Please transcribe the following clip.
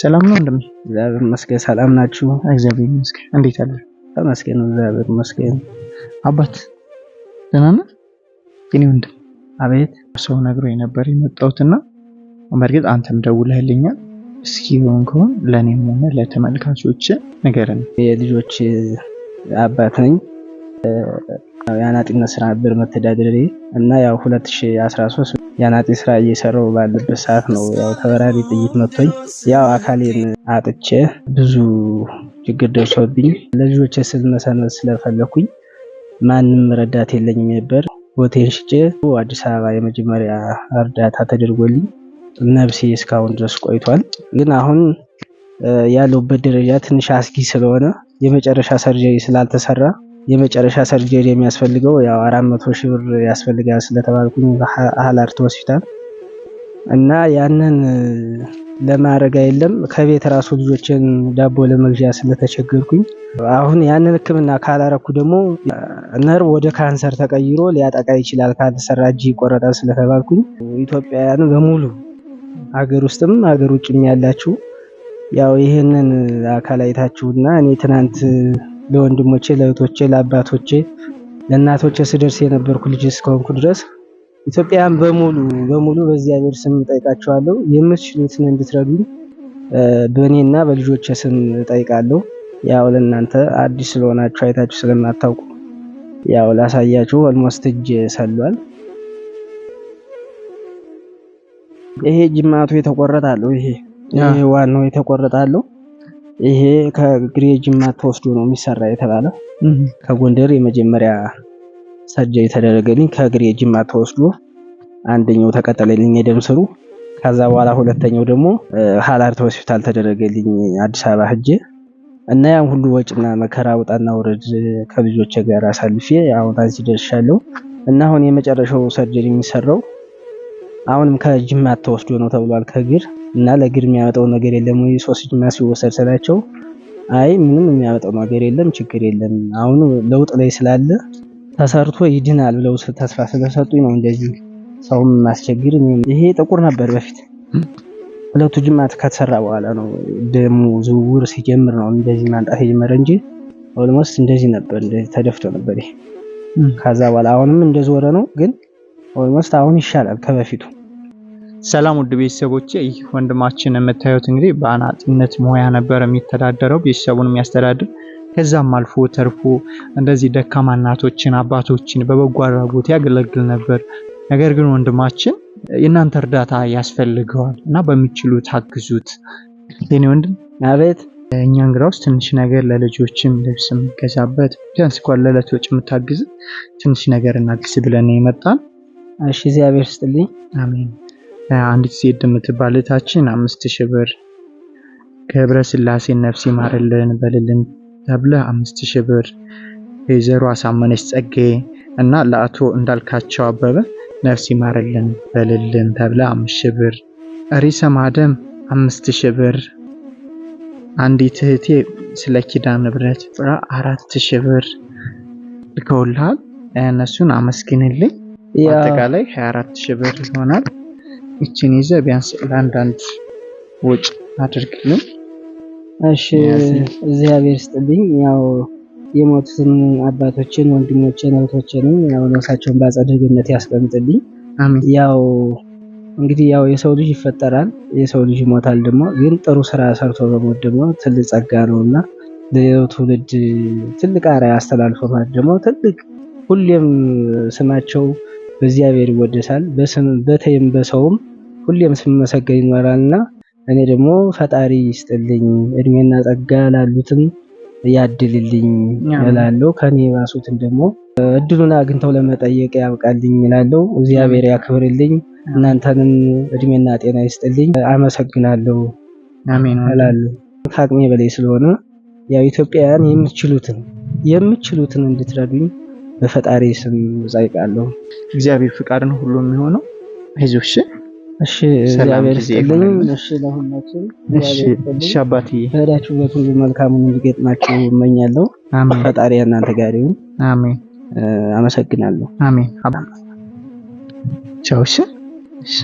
ሰላም ነው እንደምን? እግዚአብሔር ይመስገን። ሰላም ናችሁ? እግዚአብሔር ይመስገን። እንዴት አለ? ተመስገን፣ እግዚአብሔር ይመስገን። አባት ደህና ነህ? የእኔ ወንድም። አቤት። ሰው ነግሮ የነበር የመጣሁትና በእርግጥ አንተም ደውለህልኛል። እስኪ ሆን ከሆን ለእኔም ሆነ ለተመልካቾች ንገረን። የልጆች አባት ነኝ። የአናጢነት ስራ ነበር መተዳደሪ እና ያው 2013 የአናጢ ስራ እየሰራው ባለበት ሰዓት ነው ያው ተበራሪ ጥይት መቶኝ ያው አካሌን አጥቼ ብዙ ችግር ደርሶብኝ ለልጆች ስል መሰነት ስለፈለኩኝ ማንም ረዳት የለኝም ነበር። ቦቴን ሽጬ አዲስ አበባ የመጀመሪያ እርዳታ ተደርጎልኝ ነብሴ እስካሁን ድረስ ቆይቷል። ግን አሁን ያለውበት ደረጃ ትንሽ አስጊ ስለሆነ የመጨረሻ ሰርጀሪ ስላልተሰራ የመጨረሻ ሰርጀሪ የሚያስፈልገው ያው አራት መቶ ሺህ ብር ያስፈልጋል ስለተባልኩኝ አህላርት ሆስፒታል እና ያንን ለማድረግ አይደለም ከቤት ራሱ ልጆችን ዳቦ ለመግዣ ስለተቸገርኩኝ አሁን ያንን ሕክምና ካላረኩ ደግሞ ነርቭ ወደ ካንሰር ተቀይሮ ሊያጠቃ ይችላል ካልተሰራ እጅ ይቆረጣል ስለተባልኩኝ ኢትዮጵያውያን በሙሉ ሀገር ውስጥም ሀገር ውጭም ያላችሁ ያው ይህንን አካል አይታችሁና እኔ ትናንት ለወንድሞቼ፣ ለእህቶቼ፣ ለአባቶቼ፣ ለእናቶቼ ስደርስ የነበርኩ ልጅ እስከሆንኩ ድረስ ኢትዮጵያን በሙሉ በሙሉ በእግዚአብሔር ስም እጠይቃቸዋለሁ። የምትችሉትን እንድትረዱኝ በእኔና በልጆቼ ስም እጠይቃለሁ። ያው ለእናንተ አዲስ ስለሆናችሁ አይታችሁ ስለማታውቁ ያው ላሳያችሁ ኦልሞስት እጅ ሰሏል። ይሄ ጅማቱ የተቆረጣለሁ። ይሄ ይሄ ዋናው የተቆረጣለሁ ይሄ ከግሬ ጅማ ተወስዶ ነው የሚሰራ የተባለ ከጎንደር የመጀመሪያ ሰርጀ የተደረገልኝ ከግሬ ጅማ ተወስዶ አንደኛው ተቀጠለልኝ የደም ስሩ። ከዛ በኋላ ሁለተኛው ደግሞ ሀላርት ሆስፒታል ተደረገልኝ አዲስ አበባ ህጄ እና ያን ሁሉ ወጭና መከራ ውጣና ውረድ ከልጆቼ ጋር አሳልፌ አሁን ታንሲ ደርሻለሁ። እና አሁን የመጨረሻው ሰርጀሪ የሚሰራው አሁንም ከጅማ ተወስዶ ነው ተብሏል ከግር እና ለግር የሚያመጣው ነገር የለም ወይ ሶስት ጅማ ሲወሰድ ስላቸው አይ ምንም የሚያመጣው ነገር የለም ችግር የለም አሁን ለውጥ ላይ ስላለ ተሰርቶ ይድናል ብለው ተስፋ ስለሰጡኝ ነው እንደዚህ ሰውም ማስቸግር ይሄ ጥቁር ነበር በፊት ሁለቱ ጅማት ከተሰራ በኋላ ነው ደሙ ዝውውር ሲጀምር ነው እንደዚህ ማንጣት የጀመረ እንጂ ኦልሞስት እንደዚህ ነበር እንደዚህ ተደፍቶ ነበር ይሄ ከዛ በኋላ አሁንም እንደዞረ ነው ግን ኦልሞስት አሁን ይሻላል ከበፊቱ። ሰላም ውድ ቤተሰቦቼ፣ ይህ ወንድማችን የምታዩት እንግዲህ በአናጢነት ሙያ ነበር የሚተዳደረው ቤተሰቡን የሚያስተዳድር ከዛም አልፎ ተርፎ እንደዚህ ደካማ እናቶችን አባቶችን በበጎ አድራጎት ያገለግል ነበር። ነገር ግን ወንድማችን የእናንተ እርዳታ ያስፈልገዋል እና በሚችሉ ታግዙት። የኔ ወንድም አቤት። እኛ እንግዳ ውስጥ ትንሽ ነገር ለልጆችም ልብስ የምገዛበት ቢያንስ እንኳን ለዕለት ወጪ የምታግዝ ትንሽ ነገር እናግዝ ብለን የመጣን እሺ እግዚአብሔር ይስጥልኝ። አሜን። አንዲት ሴት የምትባል እህታችን አምስት ሺህ ብር ከህብረ ነፍስ ይማርልን በልልን ተብለ አምስት ሺህ ብር ወይዘሮ አሳመነች ጸጌ እና ለአቶ እንዳልካቸው አበበ ነፍስ ይማርልን በልልን ተብለ አምስት ሺህ ብር ሪሰ ማደም አምስት ሺህ ብር አንዲት እህቴ ስለ ኪዳን ንብረት ጥራ አራት ሺህ ብር ልከውልሃል። እነሱን አመስግንልኝ። አጠቃላይ 24 ሺህ ብር ይሆናል። ይችን ይዘ ቢያንስ ለአንዳንድ ወጭ አድርግልን። እሺ እግዚአብሔር ስጥልኝ። ያው የሞቱትን አባቶችን፣ ወንድሞችን፣ እህቶችንም ያው ነፍሳቸውን በአጸደ ገነት ያስቀምጥልኝ። ያው እንግዲህ ያው የሰው ልጅ ይፈጠራል፣ የሰው ልጅ ይሞታል። ደግሞ ግን ጥሩ ስራ ሰርቶ በሞት ደግሞ ትልቅ ጸጋ ነው እና ለሌላው ትውልድ ትልቅ አርአያ አስተላልፎ ማለት ደግሞ ትልቅ ሁሌም ስማቸው በእግዚአብሔር ይወደሳል፣ በተይም በሰውም ሁሌም ስመሰገን ይኖራልና እኔ ደግሞ ፈጣሪ ይስጥልኝ እድሜና ጸጋ ላሉትም ያድልልኝ እላለሁ። ከኔ የባሱትን ደግሞ እድሉን አግኝተው ለመጠየቅ ያብቃልኝ እላለሁ። እግዚአብሔር ያክብርልኝ፣ እናንተንም እድሜና ጤና ይስጥልኝ። አመሰግናለሁ እላለሁ። ከአቅሜ በላይ ስለሆነ ያው ኢትዮጵያውያን የምችሉትን የምችሉትን እንድትረዱኝ በፈጣሪ ስም እጠይቃለሁ። እግዚአብሔር ፍቃድ ነው ሁሉ የሚሆነው። አይዞህ እሺ። እግዚአብሔር ይስጥልኝ። እሺ ለሁላችሁም እሺ እሺ፣ አባቴ ሄዳችሁበት ሁሉ መልካሙን እንዲገጥማችሁ እመኛለሁ። አሜን። ፈጣሪ እናንተ ጋር ይሁን። አሜን። አመሰግናለሁ። አሜን። ቻው። እሺ። ቻውሽ። እሺ